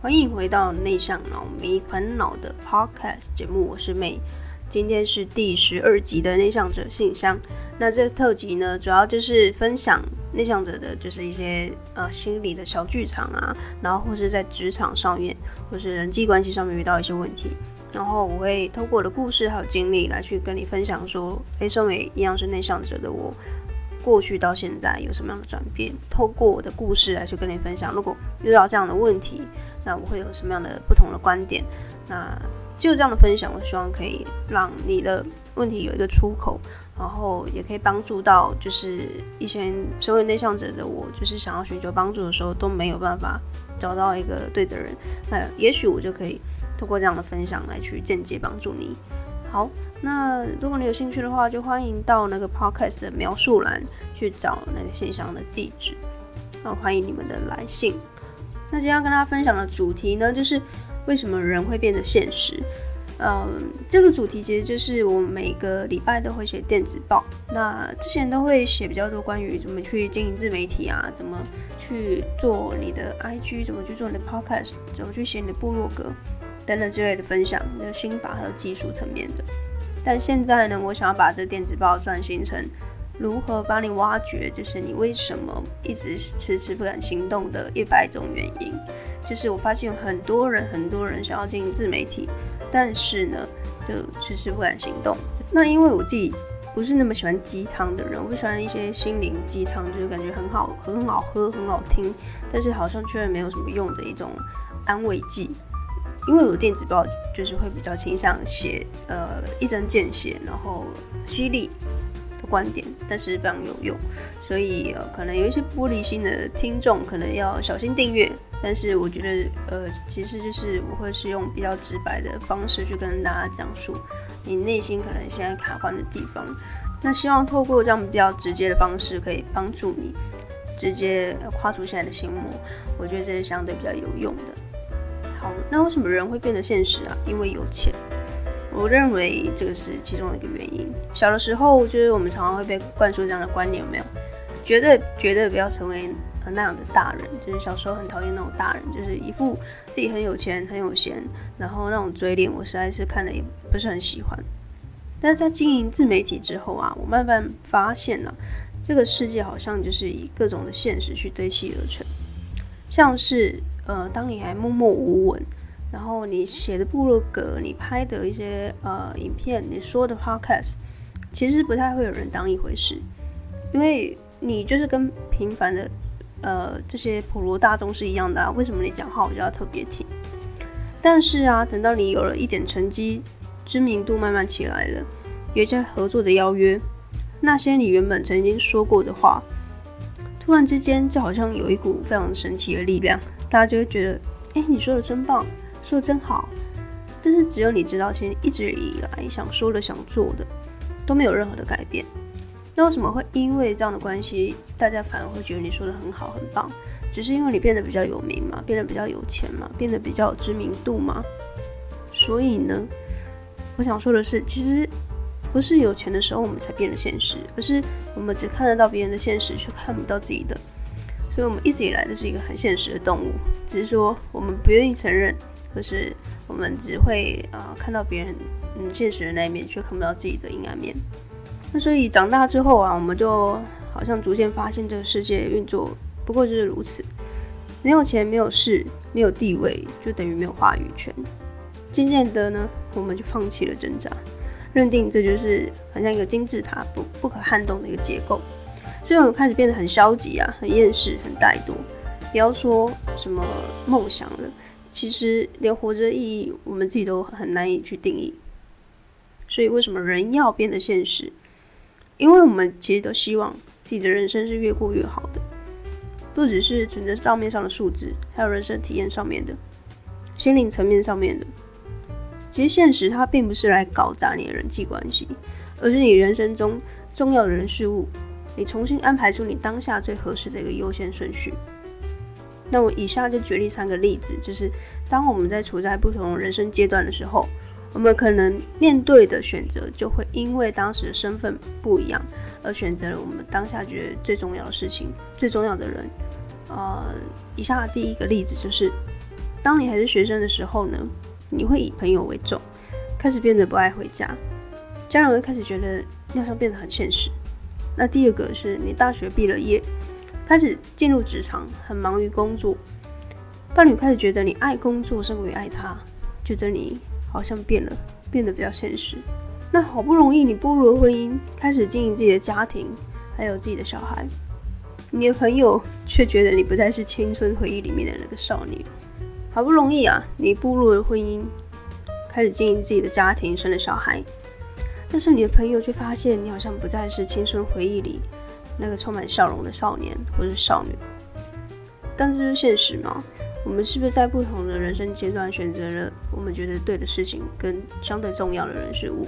歡迎回到內向腦沒煩惱的 Podcast 節目，我是 May。今天是第十二集的內向者信箱。那這個特輯呢，主要就是分享內向者的就是一些呃心理的小劇場啊，然後或是在職場上面，或是人際關係上面遇到一些問題，然後我會透過我的故事還有經歷來去跟你分享，說，哎，身為一樣是內向者的我，過去到現在有什麼樣的轉變？透過我的故事來去跟你分享，如果遇到這樣的問題。那我會有什麼樣的不同的觀點？那就這樣的分享，我希望可以讓你的問題有一個出口，然後也可以幫助到就是一些所謂內向者的我，就是想要尋求幫助的時候都沒有辦法找到一個對的人。那也許我就可以通過這樣的分享來去間接幫助你。好，那如果你有興趣的話，就歡迎到那個 podcast 的描述欄去找那個信箱的地址，那我歡迎你們的來信。那今天要跟大家分享的主題呢，就是為什麼人會變得現實。嗯，這個主題其實就是我每個禮拜都會寫電子報。那之前都會寫比較多關於怎麼去經營自媒體啊，怎麼去做你的 IG，怎麼去做你的 Podcast，怎麼去寫你的部落格等等之類的分享，就是心法還有技術層面的。但現在呢，我想要把這電子報轉型成。如何幫你挖掘？就是你為什麼一直遲遲不敢行動的一百種原因。就是我發現有很多人，很多人想要進行自媒體，但是呢，就遲遲不敢行動。那因為我自己不是那麼喜歡雞湯的人，我不喜歡一些心靈雞湯，就是感覺很好，很好喝，很好聽，但是好像卻沒有什麼用的一種安慰劑。因為我電子報就是會比較傾向寫，呃，一針見血，然後犀利。觀點，但是非常有用，所以，呃，可能有一些玻璃心的聽眾可能要小心訂閱。但是我覺得，呃，其實就是我會是用比較直白的方式去跟大家講述你內心可能現在卡關的地方。那希望透過這樣比較直接的方式，可以幫助你直接跨出現在的心魔。我覺得這是相對比較有用的。好，那為什麼人會變得現實啊？因為有錢。我認為這個是其中的一個原因。小的時候，就是我們常常會被灌輸這樣的觀念，有沒有？絕對絕對不要成為那樣的大人。就是小時候很討厭那種大人，就是一副自己很有錢很有錢，然後那種嘴臉，我實在是看了也不是很喜歡。但是在經營自媒體之後啊，我慢慢發現了啊，這個世界好像就是以各種的現實去堆砌而成。像是呃，當你還默默無聞，然後你寫的部落格，你拍的一些呃影片，你說的 podcast，其實不太會有人當一回事，因為你就是跟平凡的呃這些普羅大眾是一樣的啊。為什麼你講話我就要特別聽？但是啊，等到你有了一點成績，知名度慢慢起來了，有一些合作的邀約，那些你原本曾經說過的話，突然之間就好像有一股非常神奇的力量，大家就會覺得，哎，你說的真棒。說真好，但是只有你知道，其實一直以來想說的、想做的都沒有任何的改變。那為什麼會因為這樣的關係，大家反而會覺得你說得很好、很棒？只是因為你變得比較有名嘛，變得比較有錢嘛，變得比較有知名度嘛。所以呢，我想說的是，其實不是有錢的時候我們才變得現實，而是我們只看得到別人的現實，卻看不到自己的。所以，我們一直以來都是一個很現實的動物，只是說我們不願意承認。就是我們只會啊、呃、看到別人嗯，現實的那一面，卻看不到自己的陰暗面。那所以長大之後啊，我們就好像逐漸發現這個世界運作不過就是如此。沒有錢，沒有勢，沒有地位，就等於沒有話語權。漸漸的呢，我們就放棄了掙扎，認定這就是很像一個金字塔，不不可撼動的一個結構。所以我們開始變得很消極啊，很厭世，很怠惰。不要說什麼夢想了。其實連活着的意義，我們自己都很難以去定義。所以為什麼人要變得現實？因為我們其實都希望自己的人生是越過越好的，不只是存在賬面上的數字，還有人生體驗上面的、心靈層面上面的。其實現實它並不是來搞砸你的人際關係，而是你人生中重要的人事物，你重新安排出你當下最合適的一個優先順序。那我以下就舉例三個例子，就是當我們在處在不同人生階段的時候，我們可能面對的選擇就會因為當時的身份不一樣，而選擇了我們當下覺得最重要的事情、最重要的人。呃，以下的第一個例子就是，當你還是學生的時候呢，你會以朋友為重，開始變得不愛回家，家人會開始覺得要像變得很現實。那第二個是你大學畢了業。開始進入職場，很忙於工作，伴侶開始覺得你愛工作勝過愛他，覺得你好像變了，變得比較現實。那好不容易你步入了婚姻，開始經營自己的家庭，還有自己的小孩，你的朋友卻覺得你不再是青春回憶裡面的那個少女。好不容易啊，你步入了婚姻，開始經營自己的家庭，生了小孩，但是你的朋友卻發現你好像不再是青春回憶裡。那個充滿笑容的少年或是少女，但這是現實嗎？我們是不是在不同的人生階段選擇了我們覺得對的事情跟相對重要的人事物？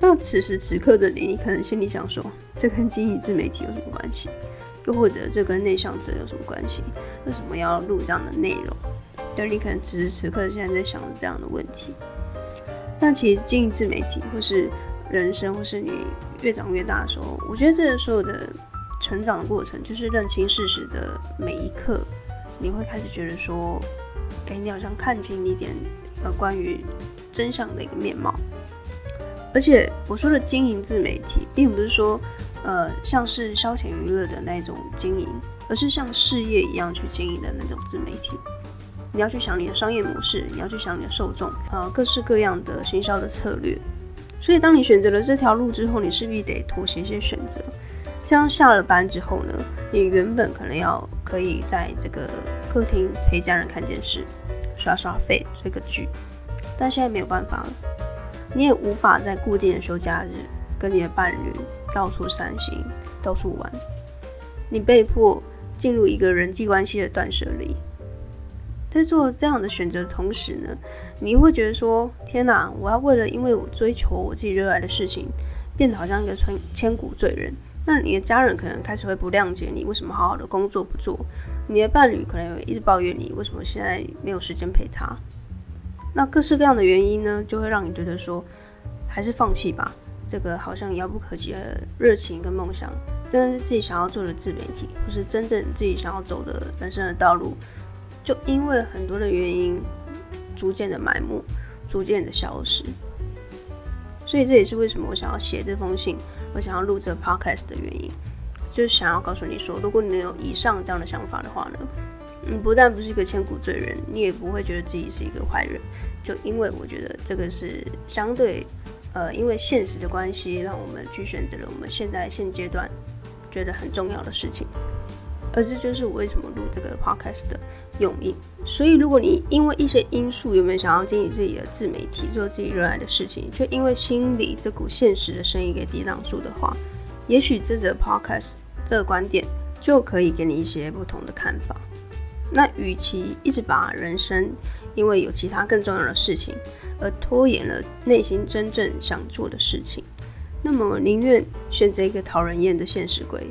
那此時此刻的你，你可能心裡想說，這跟經營自媒體有什麼關係？又或者這跟內向者有什麼關係？為什麼要錄這樣的內容？但你可能此時此刻現在在想這樣的問題。但其實經營自媒體或是。人生或是你越長越大的時候，我覺得這個所有的成長的過程，就是認清事實的每一刻，你會開始覺得說，誒、欸，你好像看清一點呃關於真相的一個面貌。而且我說的經營自媒體，並不是說呃像是消遣娛樂的那種經營，而是像事業一樣去經營的那種自媒體。你要去想你的商業模式，你要去想你的受眾、呃、各式各樣的行銷的策略。所以，當你選擇了這條路之後，你勢必得妥協一些選擇。像下了班之後呢，你原本可能要可以在這個客廳陪家人看電視、耍耍廢、追個劇，但現在沒有辦法了。你也無法在固定的休假日跟你的伴侶到處散心、到處玩。你被迫進入一個人際關係的斷捨離。在做這樣的選擇的同時呢，你又會覺得說：天哪、啊，我要為了因為我追求我自己熱愛的事情，變得好像一個千古罪人。那你的家人可能開始會不諒解你，為什麼好好的工作不做？你的伴侶可能會一直抱怨你，為什麼現在沒有時間陪他？那各式各樣的原因呢，就會讓你覺得說，還是放棄吧，這個好像遙不可及的熱情跟夢想，真正是自己想要做的自媒體，或是真正自己想要走的人生的道路。就因為很多的原因逐的，逐漸的埋沒，逐漸的消失。所以這也是為什麼我想要寫這封信，我想要錄這 podcast 的原因，就是想要告訴你說，如果你有以上這樣的想法的話呢，你不但不是一個千古罪人，你也不會覺得自己是一個壞人。就因為我覺得這個是相對，呃，因為現實的關係，讓我們去選擇了我們現在現階段覺得很重要的事情。而這就是我為什麼錄這個 podcast 的用意。所以，如果你因為一些因素，有沒有想要經營自己的自媒體，做自己熱愛的事情，卻因為心裡這股現實的聲音給抵擋住的話，也許這則 podcast 這個觀點就可以給你一些不同的看法。那與其一直把人生因為有其他更重要的事情而拖延了內心真正想做的事情，那麼寧願選擇一個討人厭的現實鬼。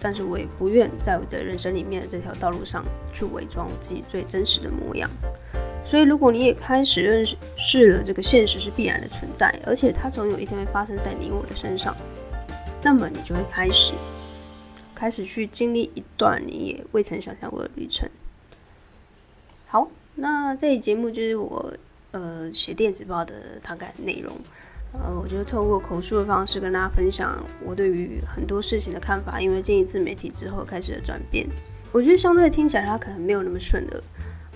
但是我也不願在我的人生裡面的這條道路上去偽裝自己最真實的模樣。所以，如果你也開始認識了這個現實是必然的存在，而且它總有一天會發生在你我的身上，那麼你就會開始，開始去經歷一段你也未曾想象過的旅程。好，那這一節目就是我呃寫電子報的大概內容。呃，我就透過口述的方式跟大家分享我對於很多事情的看法，因為進入自媒體之後開始的轉變。我覺得相對聽起來它可能沒有那麼順耳。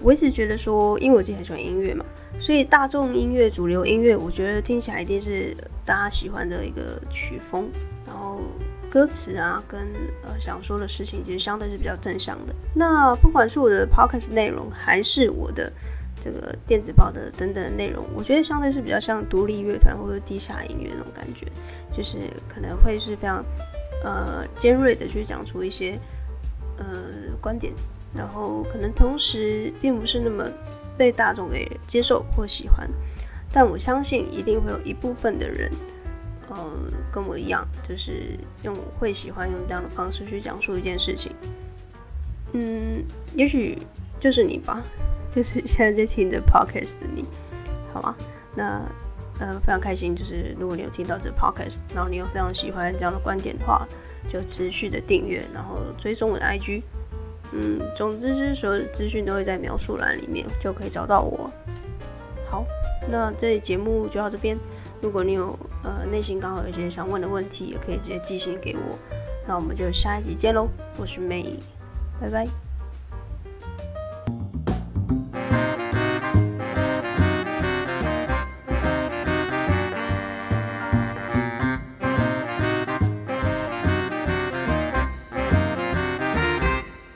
我一直覺得說，因為我自己很喜歡音樂嘛，所以大眾音樂、主流音樂，我覺得聽起來一定是大家喜歡的一個曲風，然後歌詞啊跟呃想說的事情其實相對是比較正向的。那不管是我的 podcast 內容，還是我的。這個電子報的等等的內容，我覺得相對是比較像獨立樂團或者地下音樂那種感覺，就是可能會是非常，呃，尖銳的去講出一些，呃，觀點，然後可能同時並不是那麼被大眾給接受或喜歡，但我相信一定會有一部分的人，嗯、呃，跟我一樣，就是用會喜歡用這樣的方式去講述一件事情，嗯，也許就是你吧。就是現在在聽着 podcast 的你，好嗎？那，呃，非常開心。就是如果你有聽到這 podcast，然後你有非常喜歡這樣的觀點的話，就持續的訂閱，然後追蹤我的 IG。嗯，總之就是所有資訊都會在描述欄裡面就可以找到我。好，那這節目就到這邊。如果你有呃內心剛好有一些想問的問題，也可以直接寄信給我。那我們就下一集見嘍！我是 May，拜拜。